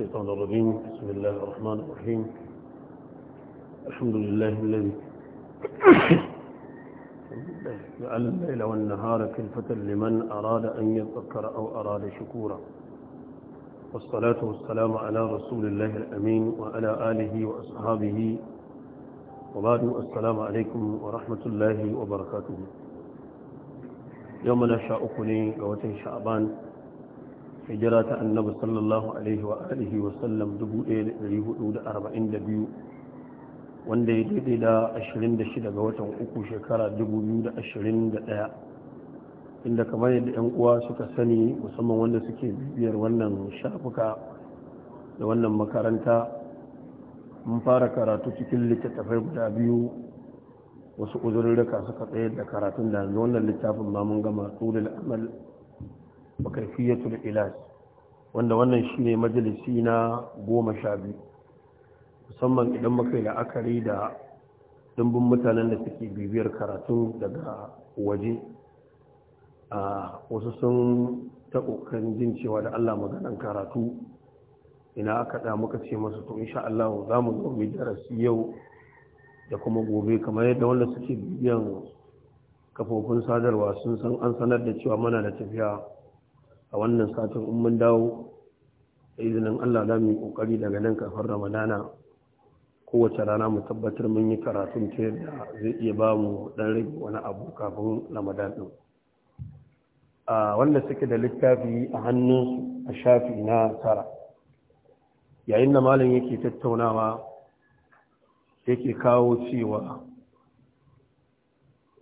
الشيطان الرجيم بسم الله الرحمن الرحيم الحمد لله الذي جعل الليل والنهار كلفة لمن أراد أن يذكر أو أراد شكورا والصلاة والسلام على رسول الله الأمين وعلى آله وأصحابه وبعد السلام عليكم ورحمة الله وبركاته يوم نشاء أكني قوة شعبان hijira ta annabi sallallahu alaihi wa alihi wa sallam 1442 wanda ya daidai da 26 ga watan uku shekara 2021 inda kamar yadda 'yan uwa suka sani musamman wanda suke bibiyar wannan shafuka da wannan makaranta mun fara karatu cikin littattafai guda biyu wasu uzurin uzurrika suka tsaye da karatun da yanzu wannan littafin ma mun gama tsulul amal wa kaifiyatul wanda wannan shine majalisi na goma sha biyu musamman idan muka yi la'akari da dumbin mutanen da suke bibiyar karatu daga waje a wasu sun ta ƙoƙarin jin cewa da Allah maganan karatu ina aka da muka ce masu to insha allahu za mu zo mai darasi yau da kuma gobe kamar yadda wanda suke bibiyan kafofin sadarwa sun san an sanar da cewa muna da tafiya a wannan satin in mun dawo da izinin Allah za mu yi ƙoƙari daga nan kafin Ramadana kowace rana mu tabbatar mun yi karatun ta yadda zai iya ba mu dan rage wani abu kafin Ramadan ɗin a wanda suke da littafi a hannun a shafi na tara yayin da malam yake tattaunawa yake kawo cewa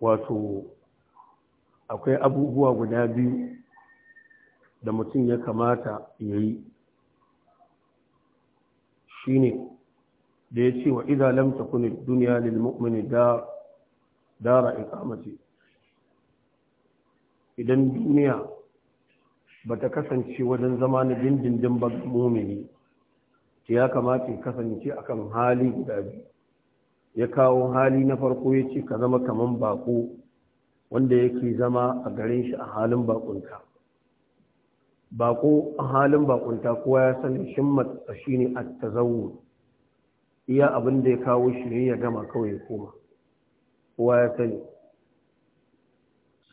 wato akwai abubuwa guda biyu da mutum ya kamata ya yi shi ne da ya ce wa iza lamta kuni duniya lilmu'mini dara ikamati idan duniya ba ta kasance wajen zama na dindindin ba mumini ya kamata ya kasance akan hali guda biyu ya kawo hali na farko ya ce ka zama kaman baku wanda yake zama a garin shi a halin bakunta bako halin baƙunta kowa ya sani himmatsa shine at-tazawwud iya abin da ya kawo shi ne ya gama kawai ya kowa ya sani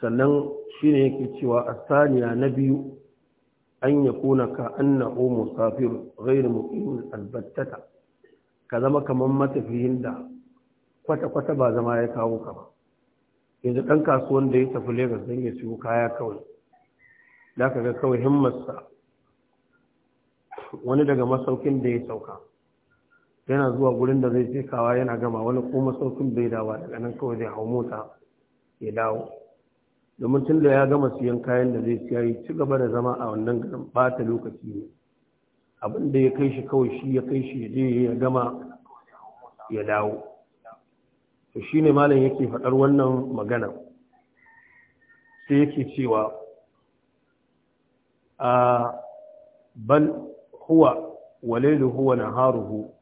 sannan shine yake cewa a saniya na biyu an ya kuna ka annahu musafir ghairu muqimin albattata ka zama kamar matafiyin da kwata-kwata ba zama ya kawo ka ba yanzu ɗan kasuwan da ya tafi Legas don ya siyo kaya kawai da ka ga kawai himmarsa wani daga masaukin da ya sauka yana zuwa gurin da zai tsekawa yana gama wani ko masaukin bai dawa daga nan kawai zai hau mota ya dawo domin tun da ya gama siyan kayan da zai siya ci gaba da zama a wannan garin bata lokaci ne abin da ya kai shi kawai shi ya kai shi ya je ya gama ya dawo to shine malam yake faɗar wannan magana sai yake cewa bal huwa na wa naharuhu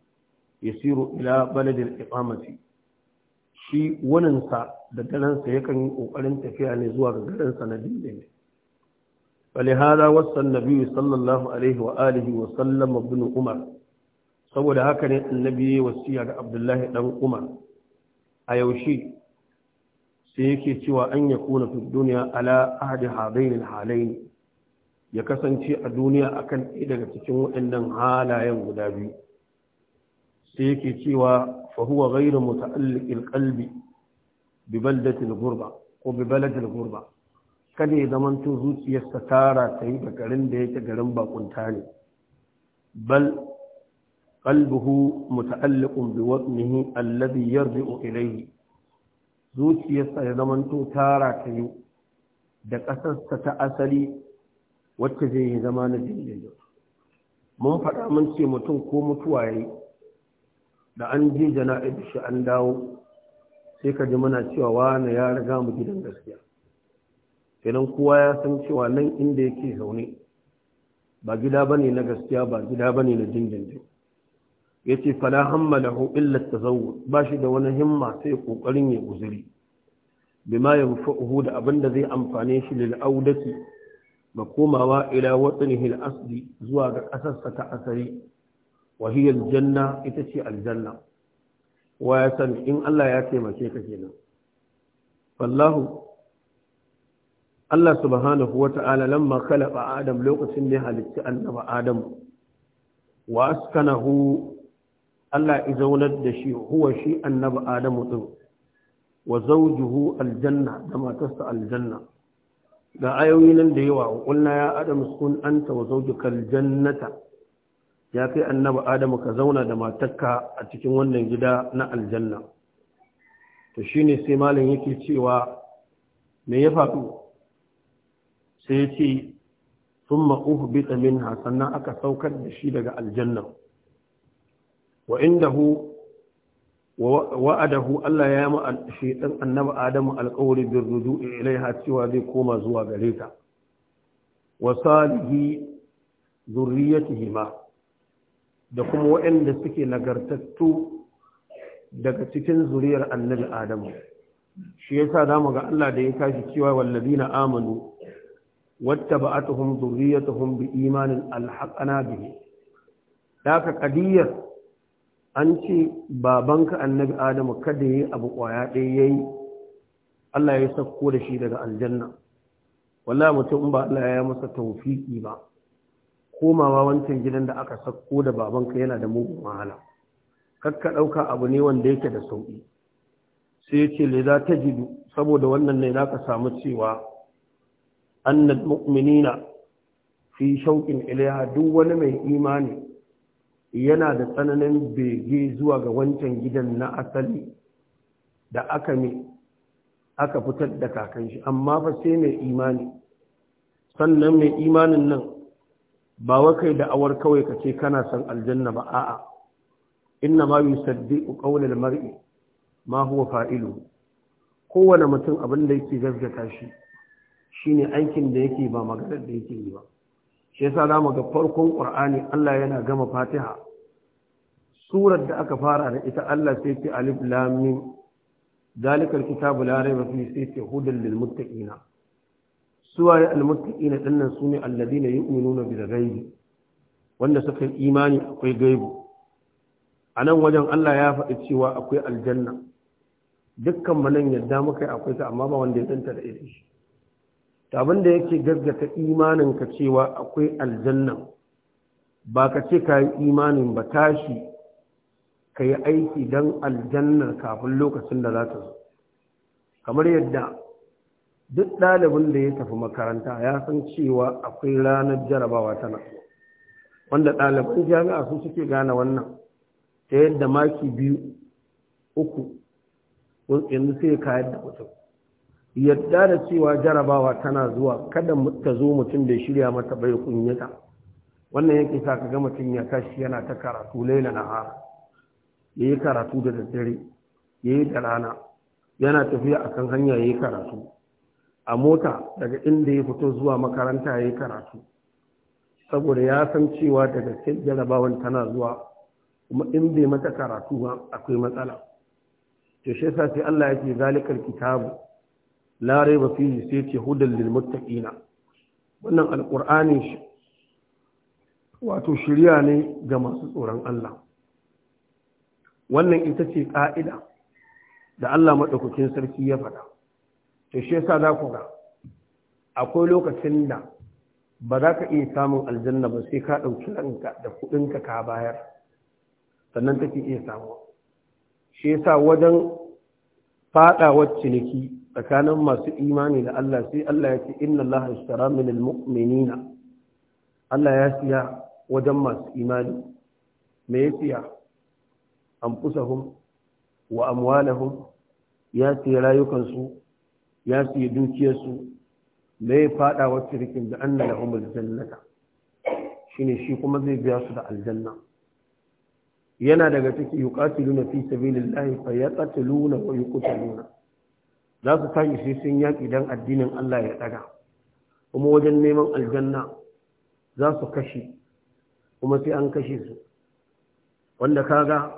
yasiru ila baladil iqamati shi wannansa da dalansa yakan yi ƙoƙarin tafiya ne zuwa ga garinsa na dindin فلهذا وصى النبي صلى الله عليه وآله وسلم ابن عمر saboda haka ne annabi ya wasiya ga Abdullahi dan Umar a yaushe sai yake cewa an yakuna fi dunya ala ahadi hadain halain ya kasance a duniya akan ɗaya daga cikin waɗannan halayen guda biyu sai yake cewa fahuwa gairu muta'alliqil qalbi bi baldatil ghurba ko bi baladil kada ya zamanto zuciyarsa tara ta yi da garin da yake garin bakunta ne bal qalbuhu muta'alliqun bi watnihi alladhi yarji'u ilayhi zuciyarsa ya zamanto tara ta yi da ƙasarsa ta asali wacce zai yi zama na dindindin mun faɗa mun ce mutum ko mutuwa ya yi da an je jana'ib shi an dawo sai ka ji muna cewa wani ya riga mu gidan gaskiya idan kowa ya san cewa nan inda yake zaune ba gida ba ne na gaskiya ba gida ba ne na dindindin ya ce fala hamma hu illa tazawwud ba shi da wani himma sai ƙoƙarin ya guzuri bima yanfa'uhu da abin da zai amfane shi lil ba komawa ila watsanihi al zuwa ga ƙasarsa ta asali wa hiya janna ita ce aljanna wa ya san in Allah ya taimake ka kenan wallahu Allah subhanahu wa ta'ala lamma khalaqa Adam lokacin da ya halitta annaba Adam wa askanahu Allah ya zaunar da shi huwa shi annaba Adam din wa zawjuhu aljanna da matarsa aljanna ga ayoyi nan da yawa kulna ya adam kun anta wa zawjukal jannata ya kai annabi adamu ka zauna da matarka a cikin wannan gida na aljanna to shine sai malam yake cewa me ya faɗo sai ya ce thumma uhbita minha sannan aka saukar da shi daga aljanna wa indahu wa'adahu Allah ya ma dan annabi adamu alqawli bir ruju'i ilaiha cewa zai koma zuwa gare ta wa salihi zurriyatihima da kuma waɗanda suke nagartattu daga cikin zuriyar annabi adamu shi yasa zamu ga Allah da ya kashi cewa wallazina amanu wattaba'atuhum zurriyatuhum biimanin alhaqana bihi daka qadiyar an ce babanka annabi adamu kada yi abu kwaya ɗaya ya yi allah ya sauko da shi daga aljanna wallah mutum ba allah ya masa taufiki ba komawa wancan gidan da aka sauko da babanka yana da mugun wahala kakka ɗauka abu ne wanda yake da sauƙi sai ya ce leza ta jidu saboda wannan ne za ka samu cewa annal mu'minina fi shauƙin ilaha duk wani mai imani yana da tsananin bege zuwa ga wancan gidan na asali da aka mi aka fitar da kakan shi amma fa sai mai imani sannan mai imanin nan ba kai da awar kawai ka ce kana san aljanna ba a'a inna ma yusaddiqu qawla mari ma huwa fa'ilu kowane mutum abin da yake gaggata shi shine aikin da yake ba maganar da yake yi ba shi yasa zamu ga farkon Qur'ani Allah yana gama Fatiha surar da aka fara da ita Allah sai ta alif lam mim zalikal kitabu la rayba fihi sai ce hudal lil muttaqin suwaye al muttaqin dinnan sune alladina yu'minuna bil ghaibi wanda suka imani akwai gaibu anan wajen Allah ya faɗi cewa akwai aljanna dukkan manan yadda muka akwai ta amma ba wanda ya danta da ita shi ta abin da yake gaggata imaninka cewa akwai aljannan ba ka ce ka yi imanin ba tashi ka yi aiki don aljannar kafin lokacin da za ta zo kamar yadda duk ɗalibin da ya tafi makaranta ya san cewa akwai ranar jarabawa tana wanda ɗaliban jami'a sun suke gane wannan ta yadda maki biyu uku yanzu sai ka yadda mutum yadda da cewa jarabawa tana zuwa kada ta zo mutum bai shirya mata bai kunyata wannan yake sa ka ga mutum ya tashi yana ta karatu laila na har ya yi karatu da daddare ya yi da rana yana tafiya a kan hanya ya yi karatu a mota daga inda ya fito zuwa makaranta ya yi karatu saboda ya san cewa daga jarabawan tana zuwa kuma in bai mata karatu ba akwai matsala to shi Allah ya zalikar kitabu la raiba fihi sai ce hudal lil muttaqina wannan alqur'ani wato shirya ne ga masu tsoron Allah wannan ita ce ka'ida da Allah madaukakin sarki ya faɗa to shi yasa za ku ga akwai lokacin da ba za ka iya samun aljanna ba sai ka ɗauki ranka da kuɗinka ka bayar sannan take iya samu shi yasa wajen faɗawar ciniki tsakanin masu imani da Allah sai Allah ya ce inna Allah ishtara min almu'minina Allah ya siya wajen masu imani me ya siya anfusahum wa amwalahum ya siya rayukansu ya siya dukiyarsu da ya fada wa shirkin da anna lahum aljannata shine shi kuma zai biya su da aljanna yana daga ciki yuqatiluna fi sabilillahi fayaqtuluna wa yuqtaluna za su tashi sai sun yaƙi don addinin Allah ya ɗaga kuma wajen neman aljanna za su kashe kuma sai an kashe su wanda kaga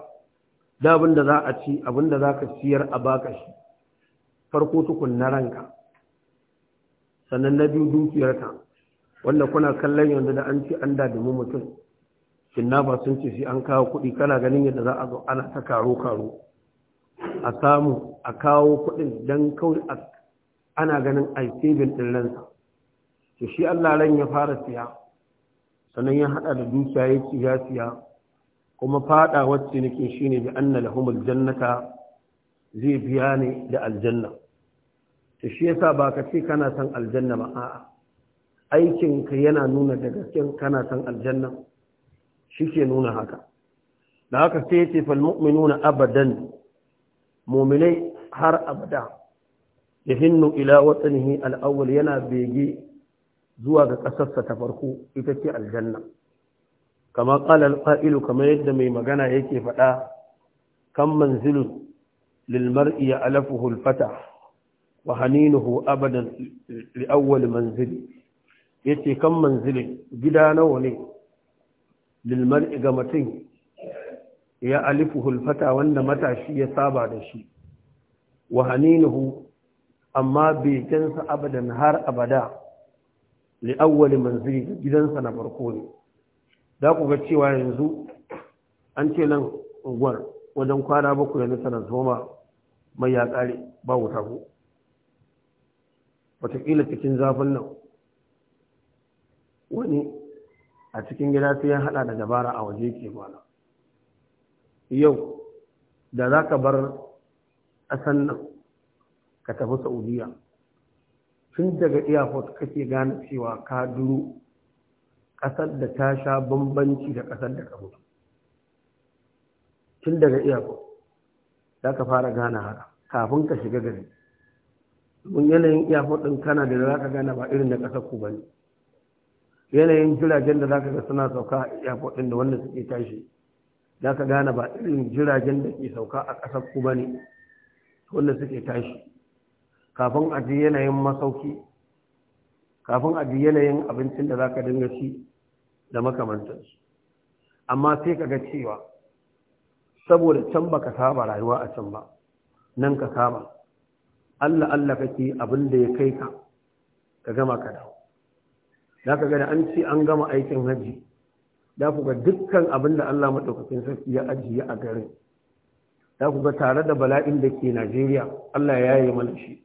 da abin da za a ci abin da za ka siyar a baka shi farko tukun na ranka sannan na biyu dukiyarka wanda kuna kallon yanzu da an ci an dadimi mutum shinnafa sun ce sai an kawo kuɗi kana ganin yadda za a zo ana ta karo karo a samu a kawo kuɗin don kawai ana ganin aisibin ɗin ransa to shi Allah ran ya fara siya sannan ya haɗa da dukiya ya ci ya siya kuma faɗa wacce nake shi ne bi anna lahumul jannata zai biya ne da aljanna to shi yasa ba ka ce kana san aljanna ba a'a aikinka yana nuna da cikin kana san aljanna shi ke nuna haka da haka sai ya ce fal mu'minuna abadan muminai har abada ya hinnu ila watsanihi al'awwal yana bege zuwa ga ƙasarsa ta farko ita ce aljanna kama ƙalar fa'ilu kamar yadda mai magana yake faɗa kan manzilun lilmar'i alafu hulfata wa haninuhu abadan li'awwal manzili ya ce kan gida nawa ne lilmar ga mutum ya alifu hulfata wanda matashi ya saba da shi wa haninuhu amma bekensa abadan har abada li'awwali manzili gidansa na farko ne da ku ga cewa yanzu an ce nan unguwar wajen kwana bakwai yanzu tana zoma mai ya kare, ba wuta ko wataƙila cikin zafin nan wani a cikin gida sai ya haɗa da dabara a waje ke kwana yau da za ka bar ƙasan nan ka tafi saudiya tun daga airport kake gane cewa ka duro ƙasar da ta sha bambanci da ƙasar da ka mutu tun daga airport za ka fara gane haka kafin ka shiga gari domin yanayin airport ɗin kana da za ka gane ba irin da ƙasar ku ba ne yanayin jiragen da za ka ga suna sauka a airport ɗin da wanda suke tashi da ka gane ba irin jiragen da ke sauka a ƙasar ku ba ne wanda suke tashi kafin a ji yanayin masauki kafin a ji yanayin abincin da za ka dinga ci da makamantansu amma sai ka ga cewa saboda can ba ka saba rayuwa a can ba nan ka saba Allah Allah kake abin da ya kai ka ka gama ka dawo za ka gani an ce an gama aikin hajji da ku ga dukkan abin da Allah maɗaukakin sarki ya ajiye a garin da ku ga tare da bala'in da ke Najeriya Allah ya yi mana shi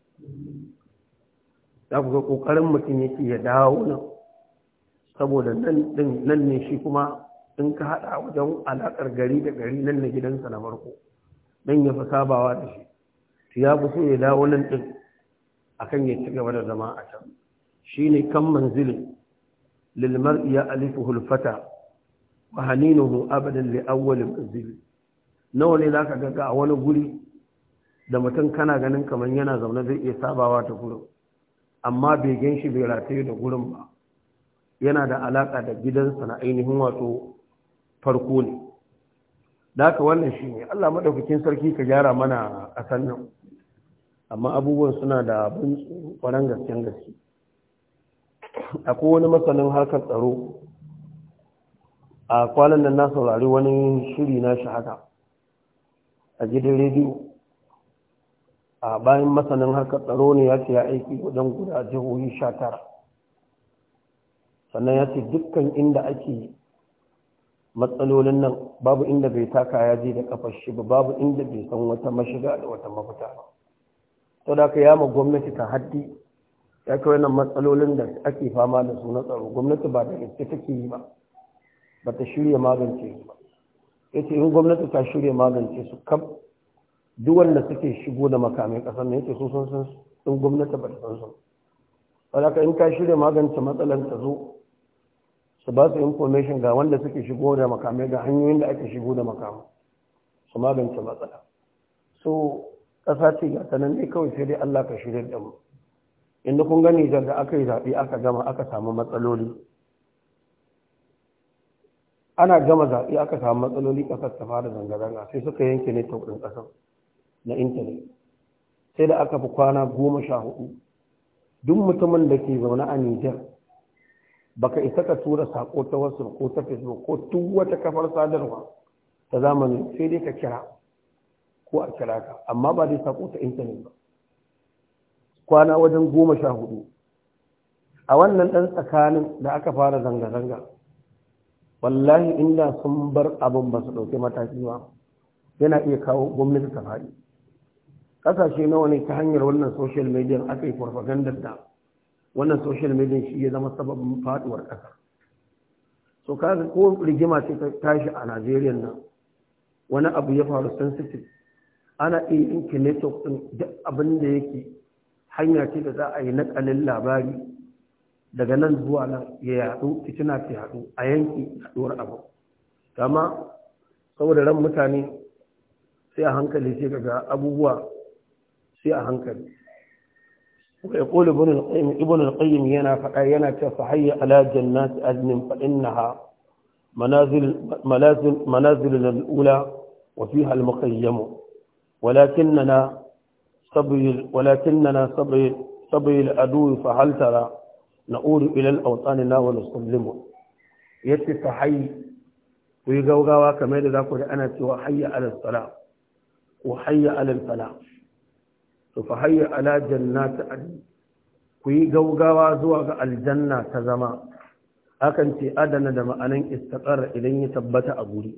da ku ga ƙoƙarin mutum yake ya dawo nan saboda nan ne shi kuma in ka haɗa wajen alaƙar gari da gari nan na gidansa na farko Nan ya fi sabawa da shi ya fi so ya dawo nan ɗin akan ya ci gaba da zama a can shi ne kan manzilin lilmar iya alifu hulfata wa haninuhu abadan li awwal nawa ne zaka ga a wani guri da mutum kana ganin kamar yana zaune zai iya sabawa ta gurin amma begen shi bai rataye da gurin ba yana da alaka da gidan gidansa na ainihin wato farko ne da haka wannan shi ne allah maɗaukakin sarki ka gyara mana a sannan amma abubuwan suna da abin kwaran gasken gaske akwai wani masanin harkar tsaro a kwanan nan na saurari wani shiri na shi haka a gidan rediyo a bayan masanin harkar tsaro ne ya ce ya aiki wajen guda jihohi sha tara sannan ya ce dukkan inda ake matsalolin nan babu inda bai taka ya je da kafar shi ba babu inda bai san wata mashiga da wata mafita ba to da ka yama gwamnati ta haddi ya kawai wannan matsalolin da ake fama da su na tsaro gwamnati ba da gaske take yi ba ba ta shirya magance su ba ya ce in gwamnati ta shirya magance su kam duk wanda suke shigo da makamai ƙasar ne yake sun san in gwamnati ba ta san su ba in ka shirya magance matsalar ta zo su ba su information ga wanda suke shigo da makamai ga hanyoyin da ake shigo da makamai su magance matsala so ƙasa ce ga sanan ne kawai sai dai Allah ka shirya da mu inda kun gani da aka yi zaɓe aka gama aka samu matsaloli ana gama zaɓe aka samu matsaloli ƙasar ta fara zanga-zanga sai suka yanke ne tauɗin ƙasar na intanet sai da aka fi kwana goma sha hudu duk mutumin da ke zaune a nijar baka isa ka tura saƙo ta wasu ko ta facebook ko duk wata kafar sadarwa ta zamani sai dai ka kira ko a kira ka amma ba dai saƙo ta intanet ba kwana wajen goma sha hudu a wannan ɗan tsakanin da aka fara zanga-zanga wallahi inda sun bar abin ba su ɗauki mataki ba yana iya kawo gwamnati ta faɗi ƙasashe nawa ne ta hanyar wannan social media aka yi farfagandar da wannan social media shi ya zama sababin faɗuwar ƙasa so kaga ko rigima ce ta tashi a najeriya nan wani abu ya faru sensitive ana iya yanke network ɗin duk abin da yake hanya ce da za a yi nakalin labari daga nan zuwa nan ya yaɗu fitina ta yaɗu a yanki yaɗuwar abu kama saboda ran mutane sai a hankali sai kaga abubuwa sai a hankali ya ƙoli ibn al-qayyim yana faɗa yana ce fa hayya ala jannati adnin fa innaha manazil manazil manazil al-ula wa fiha al-muqayyam walakinna sabayil walakinna sabayil sabayil adu fa hal tara na'udu ilal autani na wa nusallimu yace ta hayyi ku gaugawa kamar da za ku da ana cewa hayya alal sala ko hayya alal fala to fa hayya ala jannati adn ku gaugawa zuwa ga aljanna ta zama akan ce adana da ma'anan istiqrar idan ya tabbata a guri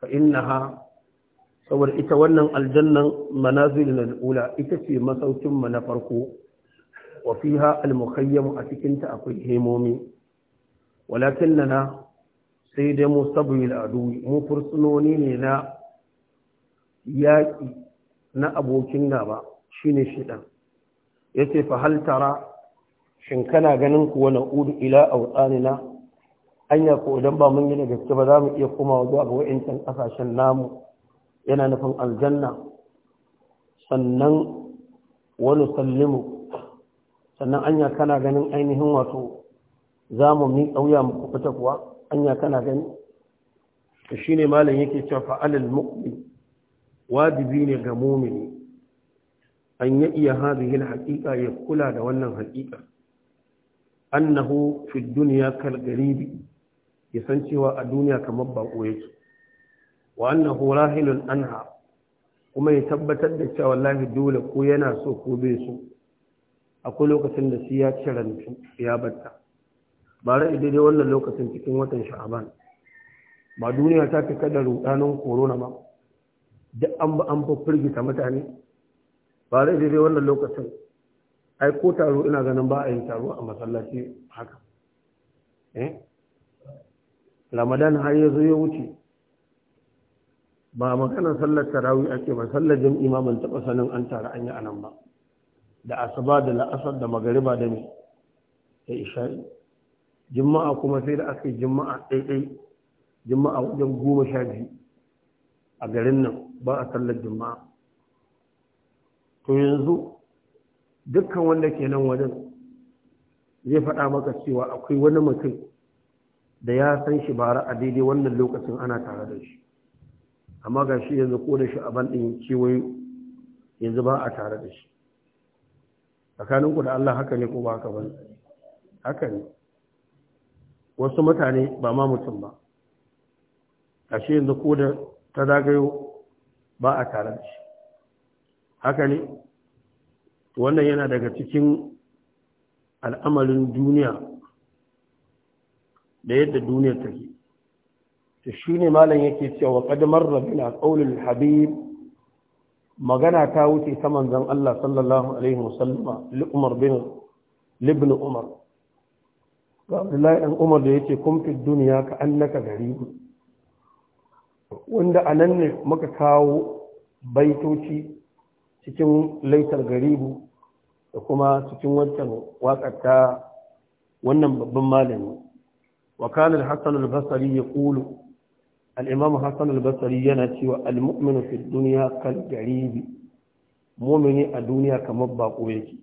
fa innaha saboda ita wannan aljannan manazilin al'ula ita ce masaukin mu na farko wa fiha al-mukhayyamu a cikin ta akwai hemomi walakin lana sai dai mu sabuil adu mu fursunoni ne na yaƙi na abokin gaba shine shidan yace fa hal tara shin kana ganin kuwa na udu ila awtanina anya ko idan ba mun da gaske ba za mu iya komawa zuwa ga wayancan ƙasashen namu yana nufin aljanna sannan wani sallimu sannan anya kana ganin ainihin wato za mu mi ƙauya mu fita kuwa anya kana gani shi ne malam yake cewa fa'alal mu'min wajibi ne ga mumini an ya iya hadihin haƙiƙa ya kula da wannan haƙiƙa annahu fi duniya kal garibi ya san cewa a duniya kamar baƙo yake wa annahu rahilun anha kuma ya tabbatar da cewa wallahi dole ko yana so ko bai so akwai lokacin da shi ya cire ya batta bara idai wannan lokacin cikin watan sha'aban ba duniya ta fi kada rudanin korona ba duk an ba an firgita mutane bara idai wannan lokacin ai ko taro ina ganin ba a yin taro a masallaci haka eh ramadan har yanzu ya wuce ba maganar sallar tarawih ake ba sallar jam'i ma ban taɓa sanin an tara an yi anan ba da asaba da la'asar da magariba da ne ta isha'i juma'a kuma sai da aka yi juma'a ɗaiɗai juma'a wajen goma sha biyu a garin nan ba a sallar juma'a to yanzu dukkan wanda ke nan wajen zai faɗa maka cewa akwai wani mutum da ya san shi bara a daidai wannan lokacin ana tare da shi amma ga shi yanzu ko da shi a ban ɗin kewayo yanzu ba a tare da shi tsakaninku da Allah haka ne ko ba haka ba haka ne wasu mutane ba ma mutum ba ashe yanzu ko da ta zagayo ba a tare da shi haka ne wannan yana daga cikin al'amarin duniya da yadda duniyar take shi ne malam yake cewa qad marra bina qawlul habib magana ta wuce ta manzon Allah sallallahu alaihi wasallama li Umar bin libn Umar ga Abdullahi dan Umar da yace kun fi duniya ka annaka gari wanda anan ne muka kawo baitoci cikin laitar garibu da kuma cikin wancan wakata wannan babban malami wa kana al-Hasan al-Basri al'imamu hassan albasari yana cewa al'umminu fi duniya kan garibi momini a duniya kamar bako yake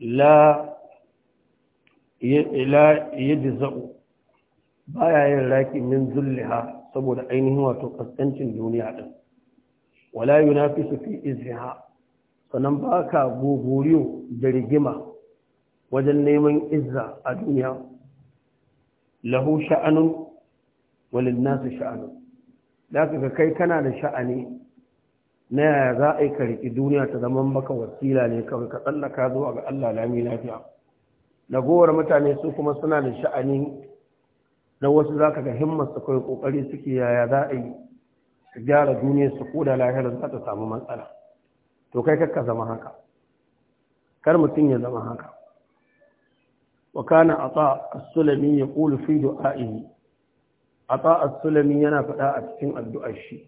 la yadda ba ya yin raki min zulliha saboda ainihin wato kaskancin duniya ɗin wala yuna fi izhiha sannan ba ka gogoriyo da rigima wajen neman izza a duniya lahu sha'anun walin nasu sha'anu da ka kai kana da sha'ani na yaya za a yi ka riƙi duniya ta zama maka wasila ne kawai ka tsallaka zuwa ga Allah lami lafiya nagowar mutane su kuma suna da sha'ani na wasu za ka ga himmar su kai kokari suke yaya za a yi su gyara duniya su koda lahira za ta samu matsala to kai kakka zama haka kar mutum ya zama haka wa kana ata as-sulami yaqulu fi du'a'ihi ata as-sulami yana faɗa a cikin addu'ar shi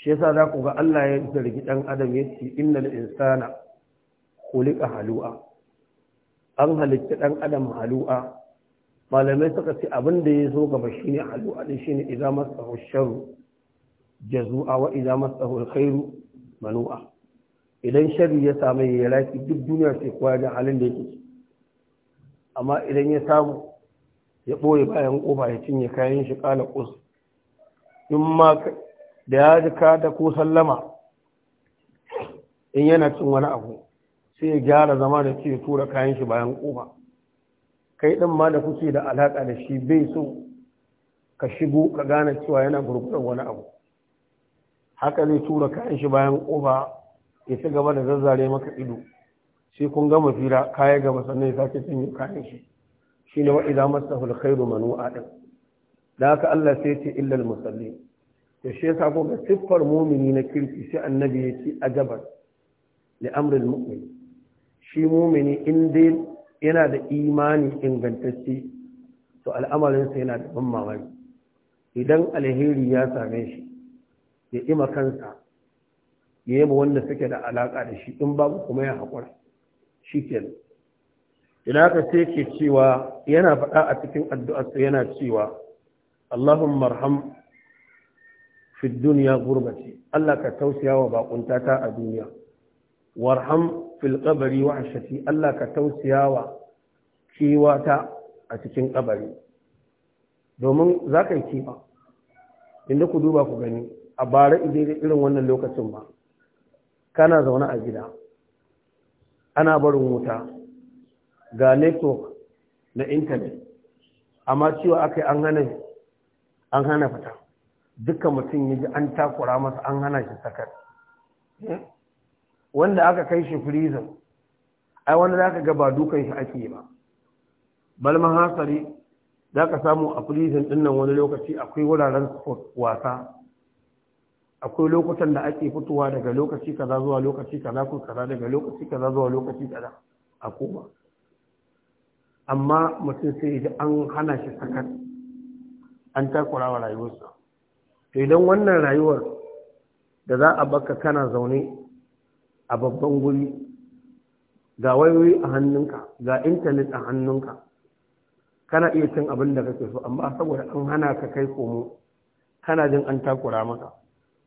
shi yasa za ku ga Allah ya zargi dan adam ya ce innal insana khuliqa halu'a an halitta dan adam halu'a malamai suka ce abin da ya zo gaba shine halu'a din shine idza masahu sharru jazu'a wa idza masahu alkhairu manu'a idan sharri ya samu ya laki duk duniya sai ya da halin da yake amma idan ya samu ya ɓoye bayan ƙofa ya cinye kayan shi ƙala ƙus in ma da ya ji kada ko sallama in yana cin wani abu sai ya gyara zama da ce tura kayan shi bayan ƙofa kai ɗin ma da kuke da alaƙa da shi bai so ka shigo ka gane cewa yana gurgurar wani abu haka zai tura kayan shi bayan ƙofa ya ci gaba da zazzare maka ido sai kun gama fira kaya gaba sannan ya sake cinye kayan shi shine wa idza masahu alkhairu manu'a din da haka Allah sai ce illar musalli. Yaushe shi yasa ko siffar mumini na kirki sai annabi ya ce ajabar da amril mu'min shi mumini in dai yana da imani ingantacce to al'amarinsa yana da ban mamari idan alheri ya same shi ya ima kansa ya yaba wanda suke da alaka da shi in babu kuma ya haƙura shi kenan Ina ka ce ke cewa yana faɗa a cikin addu'arsa yana cewa Allahumma arham fi duniya gurbati Allah ka tausaya wa bakuntata a duniya warham fil qabri wa Allah ka tausaya wa kiwata a cikin ƙabari. domin za ka yi kiwa inda ku duba ku gani a bara idan irin wannan lokacin ba kana zaune a gida ana barin wuta ga network na intanet amma cewa aka yi an hana an hana fita dukkan mutum ya ji an takura masa an hana shi sakar wanda aka kai shi freezer ai wanda za ka gaba dukan shi ake ba balman hasari za ka samu a freezer din nan wani lokaci akwai wuraren wasa akwai lokutan da ake fitowa daga lokaci kaza zuwa lokaci kaza ko kaza daga lokaci kaza zuwa lokaci kaza a koma amma mutum sai ji an hana shi sakar an takura wa rayuwarsa to idan wannan rayuwar da za a baka kana zaune a babban guri ga wayoyi a hannunka ga intanet a hannunka kana iya cin abin da kake so amma saboda an hana ka kai komo kana jin an takura maka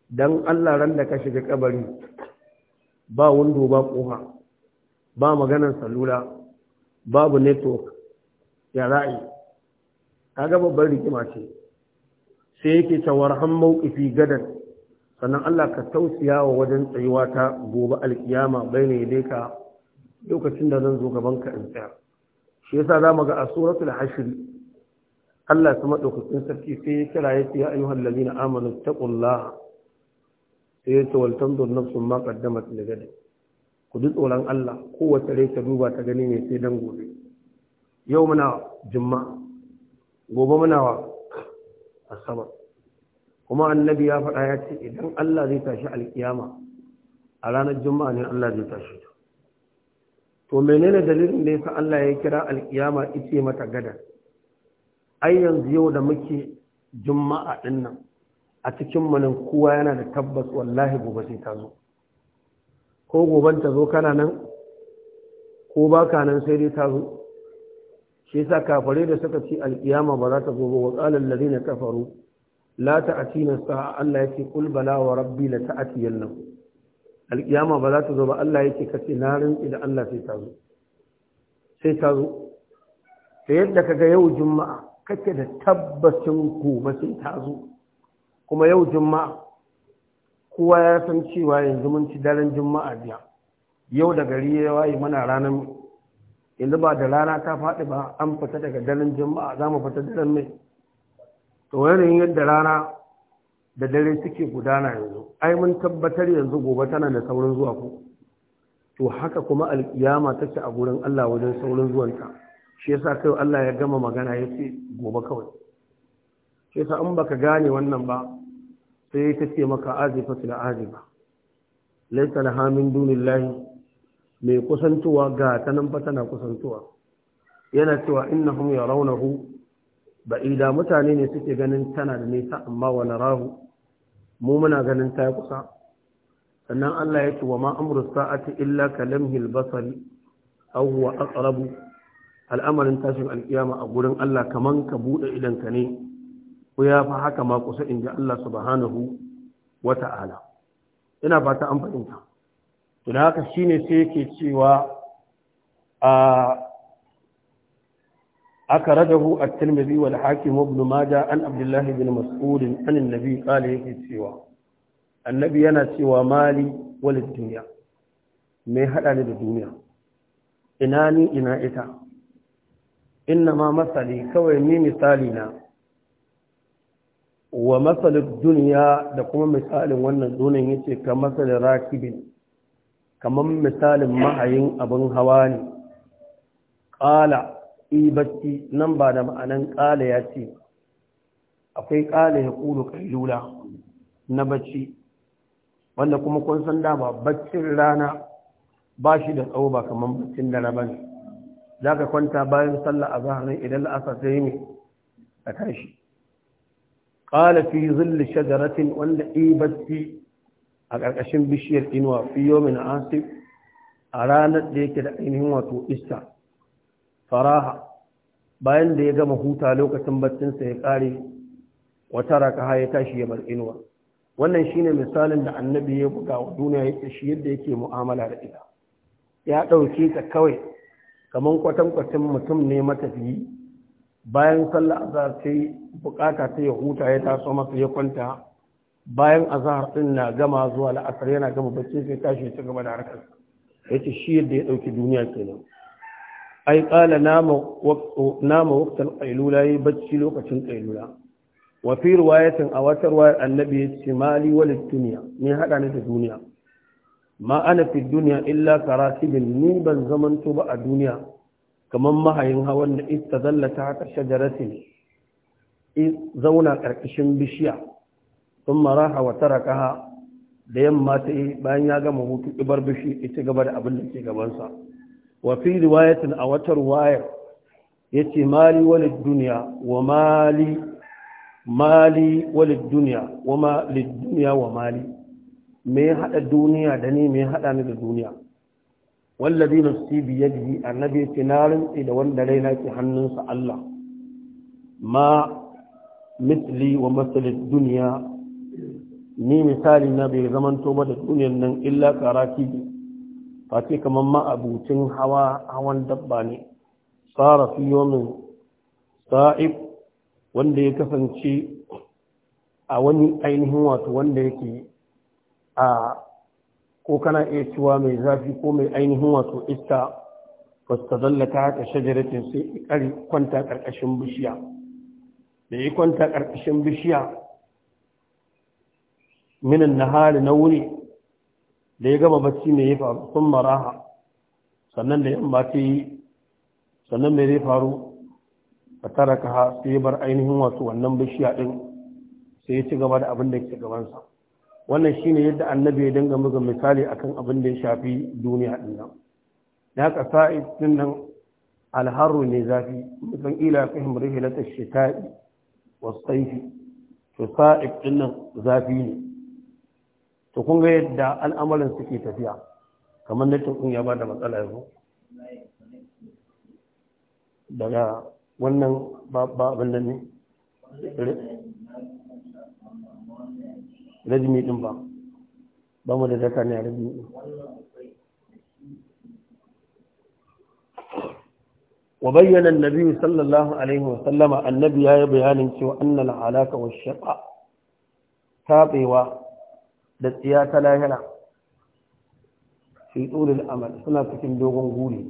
don allah ran da ka shiga kabari ba wando ba ƙofa ba maganar salula babu network ya ra'ayi kaga babbar rigima ce sai yake ta warhan mawqifi gadan sannan Allah ka tausaya wa wajen tsayuwa ta gobe alkiyama bayna yadayka lokacin da zan zo gaban ka in tsaya shi yasa zamu ga a suratul hashr Allah sama daukakin sarki sai ya kira yace ya ayyuhal ladina amanu taqullaha sai ya ce wal tanzur nafsun ma qaddamat li ku ji tsoron Allah kowace rai ta duba ta gani ne sai dan gobe yau muna jumma gobe muna wa asabar kuma annabi ya faɗa ya ce idan Allah zai tashi alkiyama a ranar Jumma'a ne Allah zai tashi ta to menene dalilin da yasa Allah ya kira alkiyama ice mata gada ai yanzu yau da muke Jumma'a dinnan a cikin manin kowa yana da tabbas wallahi gobe sai ta zo ko goban ta zo kana nan ko ba ka nan sai dai ta zo shi yasa kafare da suka ci alƙiyama ba za ta zo ba wa qalan ladina kafaru la ta'tina sa'a Allah yake kul bala wa rabbi la ta'tiyanna Alƙiyama ba za ta zo ba Allah yake kace na rinki da Allah sai ta zo sai ta zo ta yadda kaga yau juma'a kake da tabbacin gobe sai ta zo kuma yau juma'a kowa ya san cewa yanzu mun ci daren juma'a biya yau da gari ya waye mana ranar yanzu ba da rana ta faɗi ba an fita daga daren juma'a za mu fita daren mai to yanayin yadda rana da dare suke gudana yanzu ai mun tabbatar yanzu gobe tana da saurin zuwa ku to haka kuma alkiyama take a gurin Allah wajen saurin zuwanta shi yasa kai Allah ya gama magana ya ce gobe kawai shi yasa in baka gane wannan ba sai ta ce maka azifatu la azifa laysa laha min dunillahi mai kusantuwa ga ta nan fa tana kusantuwa yana cewa innahum yarawnahu ba'ida mutane ne suke ganin tana da nisa amma wani rahu. mu muna ganin ta kusa sannan Allah ya ce wa ma sa'ati illa kalamhil basari aw huwa aqrabu al'amarin tashin alkiyama a gurin Allah kaman ka bude idan ka ne ko ya fi haka ma kusa in ji Allah subhanahu wa ta’ala, ina ba ta amfahinta, tun haka shi ne sai ke cewa a aka radahu a tilmabi wa al’akim wabnu an abdullahi bin mas'udin anin nabi kala yake cewa, annabi yana cewa mali walid duniya, mai haɗa ne da duniya, ina ni ina ita, inna ma matsali kawai ni misali na wa matsalin duniya da kuma misalin wannan zonin ya ce ka matsalin rakibin kamar misalin mahayin abin hawa ne ƙala ibatti nan ba da ma'anan ƙala ya ce akwai ƙala ya ƙulu kailula na bacci wanda kuma kun san dama baccin rana ba shi da tsawo ba kamar baccin da ba ne za ka kwanta bayan sallah a zahari idan la'asar sai ne a tashi qala fi zilli shajaratin wanda ibatti a ƙarƙashin bishiyar inuwa fi yawmin asif a ranar da yake da ainihin wato ista faraha bayan da ya gama huta lokacin baccinsa ya ƙare wata raka ya tashi ya bar inuwa wannan shine misalin da annabi ya buga wa duniya yake shi yadda yake mu'amala da ita ya ɗauke ta kawai kamar kwatankwacin mutum ne matafiyi bayan sallar azhar sai bukata ta ya huta ya taso masa ya kwanta bayan azhar din na gama zuwa la'asar yana gama bacci sai tashi ya ci gaba da harkar yace shi yadda ya dauki duniya kenan ai qala nama waqtu nama qailula yi bacci lokacin qailula wa fi riwayatin a wata riwayar annabi yace mali walid dunya ni hada ni da duniya ma ana fi dunya illa karatibin ni ban zamanto ba a duniya kamar mahayin hawan da ita zallata haka ne. zauna ƙarƙashin bishiya sun hawa tara kaha. da yamma ta yi bayan ya gama hutu ibar bishi ita gaba da abin da ke gabansa wa fi riwayatin a watar wayar, ya ce mali walid duniya wa mali mali duniya wa mali duniya wa mali me haɗa duniya da ni me haɗa ni da duniya wallazi nafsi bi yadi annabi ce na rantsi da wanda raina ke hannunsa Allah ma misli wa masalin duniya ni misali na bai zamanto ba da duniyar nan illa karaki face kamar ma'abucin hawa hawan dabba ne tsara fi yomin sa'ib wanda ya kasance a wani ainihin wato wanda yake a ko kana iya cewa mai zafi ko mai ainihin wato ista, fastazalla ta haka shajaratin sai kari kwanta ƙarƙashin bishiya da yi kwanta ƙarƙashin bishiya minin na hari na wuri da ya gama bacci mai ya faru sun maraha sannan da yamma ta yi sannan mai zai faru a tara ka ha sai bar ainihin wato wannan bishiya ɗin, sai ya ci gaba da abin da ke gabansa wannan shine yadda annabi ya danga muga misali akan abin da ya shafi duniya din nan da haka sa'id din nan alharu ne zafi musan ila rufe rihilat ash-shita'i was-sayfi to sa'id din nan zafi ne to kun ga yadda al'amarin suke tafiya kamar na tukun ya da matsala zo? daga wannan ba abin nan ne rajimi ɗin ba ba mu da daka ne a rajimi ɗin wa bayyana annabi sallallahu alaihi wa sallama annabi yi bayanin cewa annal alaka wa shaqa tabewa da tsiya ta lahira fi dulul amal suna cikin dogon guri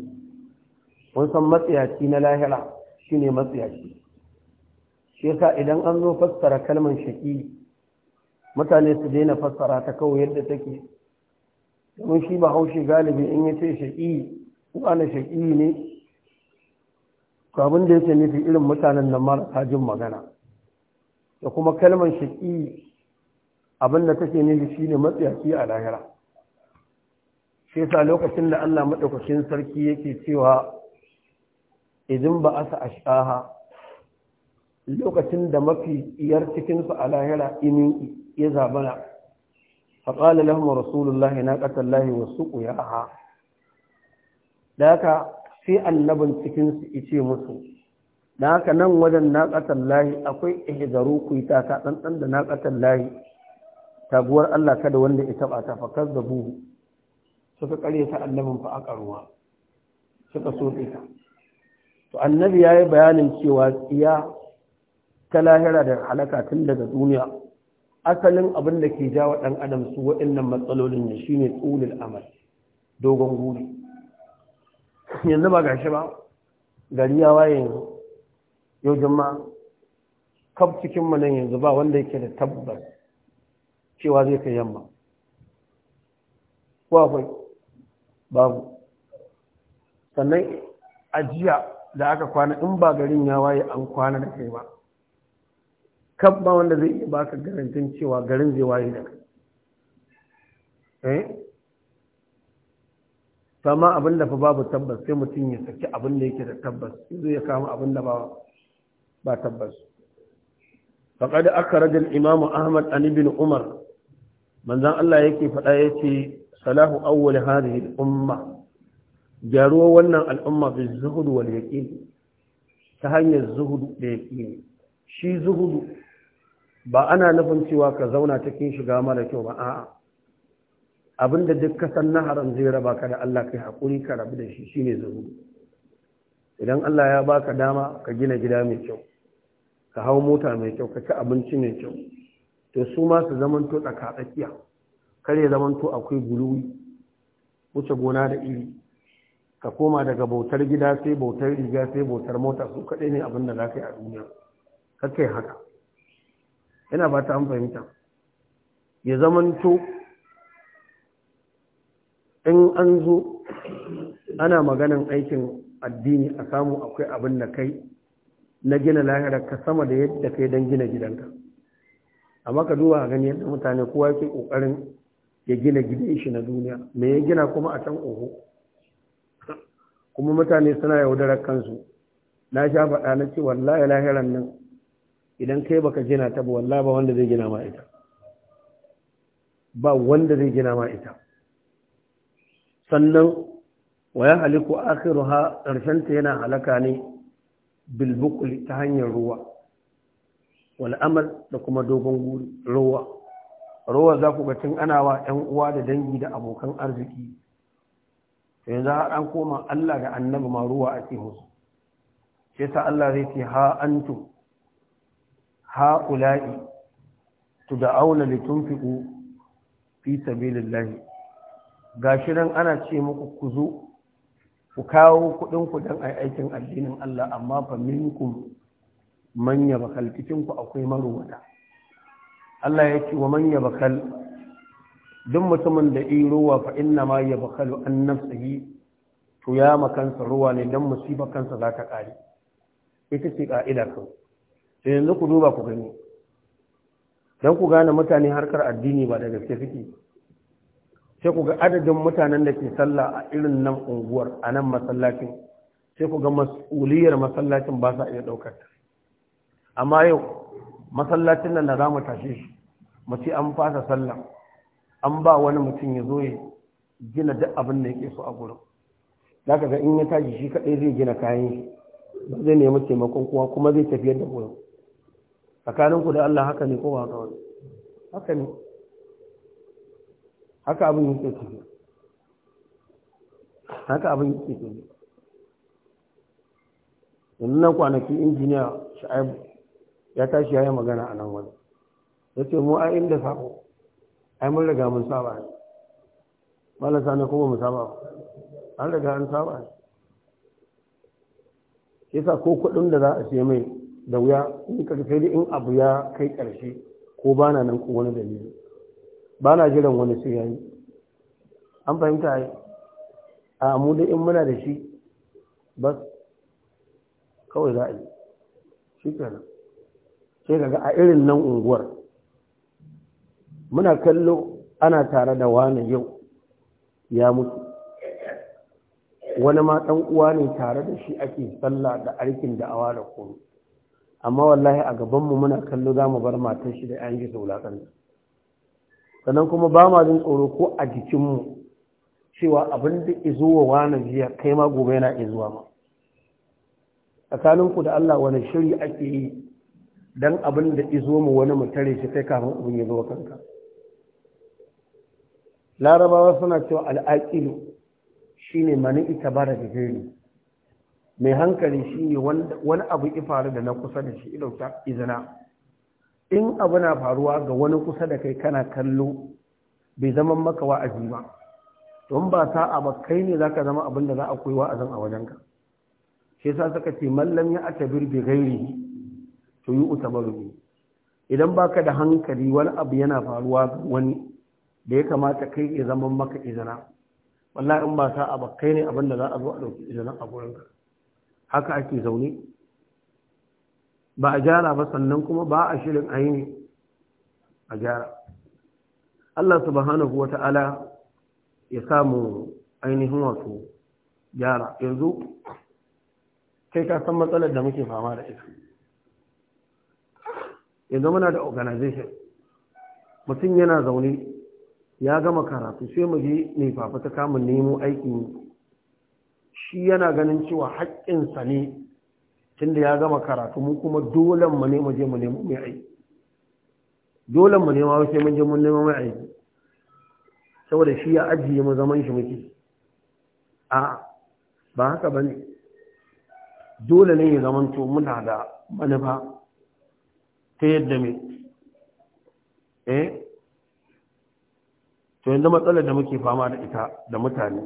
wani san matsiyaci na lahira shine matsiyaci shi yasa idan an zo fassara kalmar shaqi mutane su daina fassara ta kawai yadda take domin shi ba haushe galibi in yace ce shaƙi wani shaƙi ne abin da yake nufi irin mutanen nan marasa jin magana da kuma kalmar shaƙi abin da take nufi shi ne a lahira shi yasa lokacin da allah maɗaukacin sarki yake cewa idan ba asa ash'aha lokacin da mafi iyar cikinsu a lahira ininki ya zabara faƙala lahum rasulullahi na ƙatallahi wasu ƙuyaha da haka fi annabin cikinsu ice musu da haka nan wajen naƙatallahi akwai ihzaru ku yi taka ɗanɗan da naƙatallahi taguwar Allah kada wanda ya taɓa ta fakar da buhu suka ƙarya ta annabin fa aka ruwa suka so ita to annabi ya yi bayanin cewa tsiya ta lahira da halaka tun daga duniya asalin abin da ke jawo ɗan adam su waɗannan matsalolin ne shine tsulil amal dogon guri yanzu ba gashi ba gari ya waye yau jama'a kaf cikin manan yanzu ba wanda yake da tabbas cewa zai kai yamma ko akwai babu sannan ajiya da aka kwana in ba garin ya waye an kwana da kai ba kan ba wanda zai iya baka garantin cewa garin zai waye da kai sama eh? abin da fa babu tabbas sai mutum ya saki abin da yake da tabbas zai kama abin da ba ba tabbas faqad aka al-imam ahmad an ibn umar manzon Allah yake faɗa yace salahu awwal hadhihi al-umma jaruwa wannan al'umma bi zuhud wal yaqin ta hanyar zuhudu da yaqini shi zuhudu ba ana nufin cewa ka zauna cikin shiga mara kyau ba a'a da duk ka na haram zai raba ka da Allah kai hakuri ka rabu da shi shine zuru idan Allah ya baka dama ka gina gida mai kyau ka hau mota mai kyau ka ci abinci mai kyau to su ma su zamanto tsaka tsakiya kare zamanto akwai guluwi wuce gona da iri ka koma daga bautar gida sai bautar riga sai bautar mota su kaɗai ne abin da za ka yi a duniya kakai haka ina ba ta ya zamanto in an zo ana maganin aikin addini a samu akwai abin da kai na gina ka sama da yadda kai don gina gidanka amma ka duba gani yadda mutane kowa ke kokarin ya gina gidan shi na duniya me ya gina kuma a can oho kuma mutane suna yaudarar kansu na sha faɗa na ce wallahi lahiran nan idan kai baka gina ta ba wallahi ba wanda zai gina ma ita ba wanda zai gina ma ita sannan wa ya haliku akhiruha karshen ta yana halaka ne bilbukuli ta hanyar ruwa wal amal da kuma dogon guri ruwa ruwa za ku ga tun ana wa ƴan uwa da dangi da abokan arziki za a an koma Allah da annabi ma ruwa ake musu sai sa Allah zai ce ha antum ha'ula'i tud'auna litunfiqu fi Ga gashi nan ana ce muku ku zo ku kawo kuɗinku ku dan aikin addinin Allah amma fa minkum man yabakal cikin akwai marwata Allah ya ce wa man yabakal duk mutumin da yi ruwa fa inna ma bakalu, an nafsihi to ya makansa ruwa ne dan musibar kansa za ta ƙare. ita ce ƙa'ida kawai sai yanzu ku duba ku gani don ku gane mutane harkar addini ba da gaske suke sai ku ga adadin mutanen da ke sallah a irin nan unguwar a nan masallacin sai ku ga mas'uliyar masallacin ba sa iya ɗaukar amma yau masallacin nan da za mu tashe shi mu ce an fasa sallah an ba wani mutum ya zo ya gina duk abin da yake so a gurin za ka ga in ya tashi shi kaɗai zai gina kayan shi ba zai nemi taimakon kowa kuma zai tafiyar da gurin tsakaninku da Allah haka ne ko ba haka wani haka ne haka abin yake ciki haka abin yake ciki yanzu nan kwanaki injiniya sha'ib ya tashi ya yi magana a nan wani ya ce mu a inda sako ai mun riga mun saba ne malasa ne kuma mu saba an riga an saba ne yasa ko kuɗin da za a ce mai da wuya in ka karfe sai in abu ya kai ƙarshe ko ba na nan ko wani dalili ba na jiran wani sai ya yi an fahimta ai a mu da in muna da shi bas kawai za a yi shi kenan sai ga a irin nan unguwar muna kallo ana tare da wani yau ya mutu wani ma ɗan uwa ne tare da shi ake sallah da arkin da'awa da komai amma wallahi a gabanmu muna kallo zamu bar matan shi da ‘yan gisa wulaƙanta sannan kuma ba ma jin tsoro ko a jikinmu cewa abin da izo wa wani jiya kai ma gobe yana izuwa ma tsakaninku da Allah wani shiri ake yi dan abin da izo mu wani mu tare shi kai kafin abin ya zo kanka larabawa suna cewa al'aqilu shine mani ita bara da jiri mai hankali shi ne wani abu ya faru da na kusa da shi ilauta izina in abu na faruwa ga wani kusa da kai kana kallo bai zama maka aji ba don ba sa'a a kai ne za ka zama abin da za a koyi wa'azin a wajenka shi sa suka ce mallam ya atabir bi gairi. to yi utamaru idan baka da hankali wani abu yana faruwa ga wani da ya kamata kai ya zama maka izina wallahi in ba sa'a a kai ne abin da za a zo a dauki izinin a gurinka haka ake zaune ba a gyara ba sannan kuma ba a shirin a a gyara Allah subhanahu wa ta'ala ya samu ainihin wato gyara yanzu kai ka san matsalar da muke fama da ita yanzu muna da organization mutum yana zaune ya gama karatu sai mu je ne fafata ta kamun nemo aikin shi yana ganin cewa haƙƙinsa ne tun da ya gama karatu mu kuma dole mu ne mu je mu nemo mai aiki dole mu nema wasu mun je mun nemo mai aiki saboda shi ya ajiye mu zaman shi muke a ba haka ba ne dole ne ya zaman to muna da manufa ta yadda mai eh to yanzu matsalar da muke fama da ita da mutane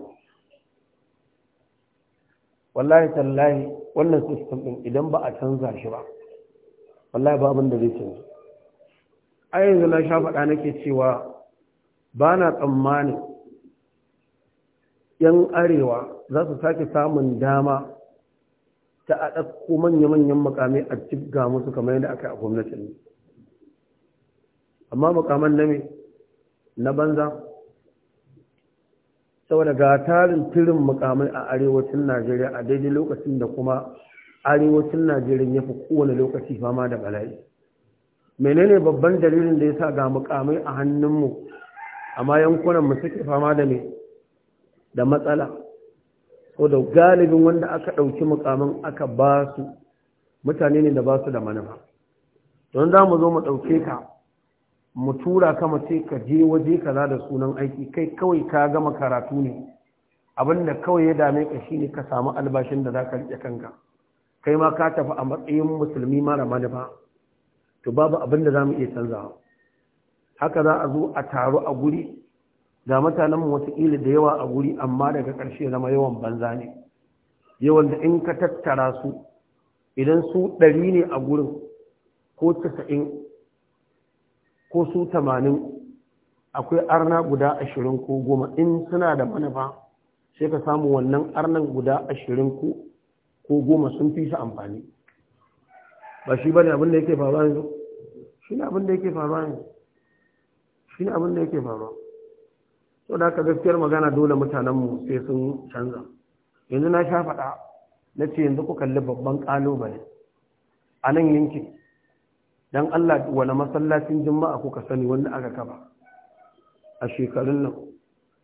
wallahi tallahi wannan system din idan ba a canza shi ba wallahi ba abin da zai canza a yanzu na sha faɗa nake cewa ba na tsammanin yan arewa za su sake samun dama ta a ɗauko manya-manyan makamai a cik ga musu kamar yadda aka yi a gwamnatin amma makaman na me na banza saboda ga tarin tirin mukamai a arewacin najeriya a daidai lokacin da kuma arewacin najeriya ya fi kowane lokaci fama da bala'i menene babban dalilin da ya sa ga mukamai a hannunmu amma yankunanmu suke fama da ne da matsala ko da galibin wanda aka ɗauki mukamin aka ba su mutane ne da ba su da manufa don za mu zo mu ɗauke ka mu tura ka mace ka je waje kaza da sunan aiki kai kawai ka gama karatu ne abinda kawai ya dame ka shine ka samu albashin da za ka rike kanka kai ma ka tafi a matsayin musulmi mara manufa to babu abin da mu iya canzawa haka za a zo a taru a guri ga mutanen mu wataƙila da yawa a guri amma daga ƙarshe zama yawan banza ne yawan da in ka tattara su idan su ɗari ne a gurin ko casa'in ko su tamanin akwai arna guda ashirin ko goma in suna da manufa sai ka samu wannan arnan guda ashirin ko goma sun fi su amfani ba shi ba ne abin da yake faruwa yanzu shi ne abin da yake faruwa yanzu shi ne abin da yake faruwa sau da aka gaskiyar magana dole mutanenmu sai sun canza yanzu na sha faɗa na ce yanzu ku kalli babban ƙalubale a nan yankin dan Allah wani masallacin juma'a kuka sani wanda aka kafa a shekarun nan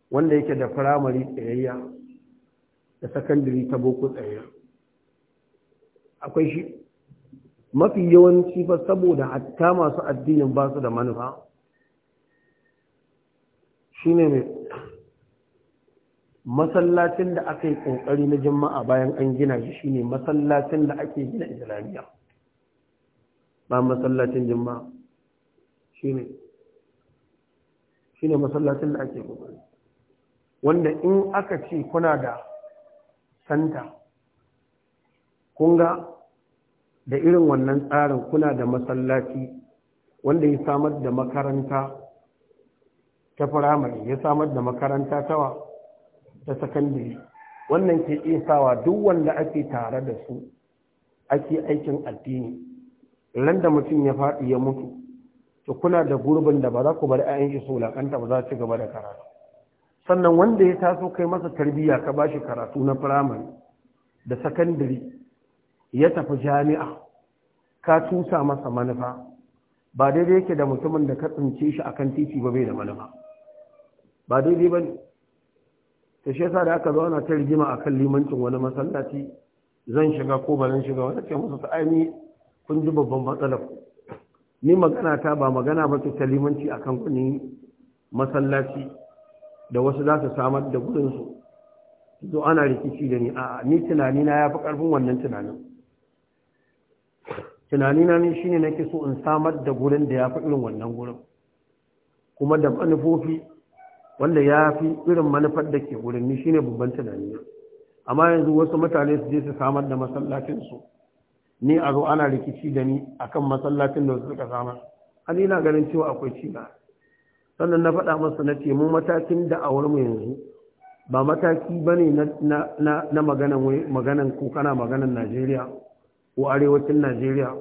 wanda yake da firamare tsayayya da sakandare ta boko tsayayya akwai shi mafi yawanci fa saboda hatta masu addinin ba su da manufa shine ne masallacin da aka yi ƙoƙari na juma'a bayan an gina shi shine masallacin da ake gina islamiyya ba masallacin jimma shine ne masallacin da ake kokari wanda in aka ce kuna da santa kunga da irin wannan tsarin kuna da masallaci wanda ya samar da makaranta ta firamare ya samar da makaranta tawa ta sakandare wannan ke iya sawa duk wanda ake tare da su ake aikin addini ran da mutum ya faɗi ya mutu to kuna da gurbin da ba za ku bari ayyanki su wulaƙanta ba za ci gaba da karatu sannan wanda ya taso kai masa tarbiyya ka bashi karatu na firamare da sakandare ya tafi jami'a ka tusa masa manufa ba daidai yake da mutumin da ka tsince shi akan titi ba bai da manufa ba daidai ba ne ta shi yasa da aka zauna ta rigima akan limancin wani masallaci zan shiga ko ba zan shiga wani ce musu ta ainihi kun ji babban matsalar ni magana ta ba magana ba ta limanci kan kuni masallaci da wasu za su samar da gudunsu zo ana rikici da ni a ni tunanina ya fi ƙarfin wannan tunanin tunanina ne shine nake so in samar da gurin da ya fi irin wannan gurin kuma da manufofi wanda ya fi irin manufar da ke gurin ni shine babban tunanina amma yanzu wasu mutane su je su samar da masallacinsu ni a zo ana rikici da ni a kan masallacin da suka sama an na ganin cewa akwai ci ba sannan na faɗa masa na ce mu matakin da a wurin yanzu ba mataki ba ne na maganan ko kana maganan najeriya ko arewacin najeriya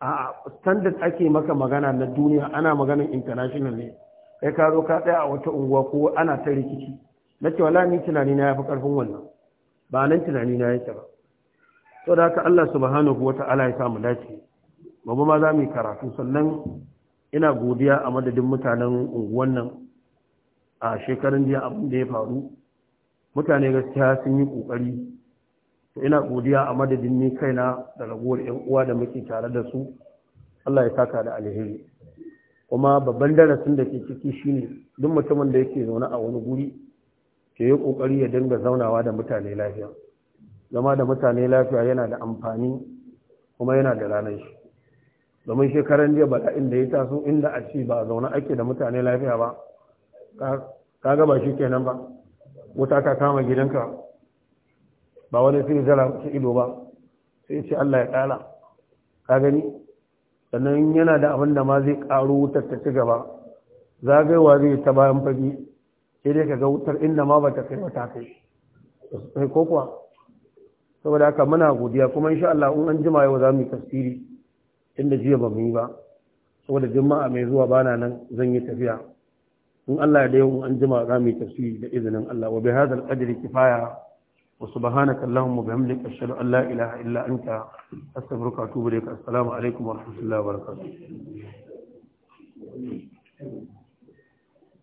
a standard ake maka magana na duniya ana maganan international ne kai ka zo ka tsaya a wata unguwa ko ana ta rikici na ce wala tunani na yafi karfin wannan ba nan tunani na yake ba to da haka Allah subhanahu wata'ala ya samu dace babu ma za mu karatu sannan ina godiya a madadin mutanen unguwan nan a shekarun jiya abin da ya faru mutane gaskiya sun yi kokari to ina godiya a madadin ni kaina da ragowar yan uwa da muke tare da su Allah ya saka da alheri kuma babban darasin da ke ciki shine duk mutumin da yake zaune a wani guri ke yi kokari ya dinga zaunawa da mutane lafiya zama da mutane lafiya yana da amfani kuma yana da ranar shi domin shekaran jiya bala'in da ya taso inda a ci ba zaune ake da mutane lafiya ba ka gaba shi kenan ba wuta ta kama gidanka ba wani sai zara shi ido ba sai ce Allah ya kala ka gani sannan yana da abin da ma zai karo wutar ta ci gaba zagaiwa zai ta bayan fagi sai dai ka ga wutar inda ma ba ta kai wata kai ko kuwa saboda haka muna godiya kuma insha Allah in an jima yau za mu yi tafsiri inda jiya ba mu yi ba saboda juma'a mai zuwa bana nan zan yi tafiya in Allah da yau in an jima za mu yi tafsiri da izinin Allah wa bi hadal qadri kifaya wa subhanaka allahumma bihamdika ashhadu an la ilaha illa anta astaghfiruka wa atubu ilaik assalamu alaikum wa rahmatullahi wa barakatuh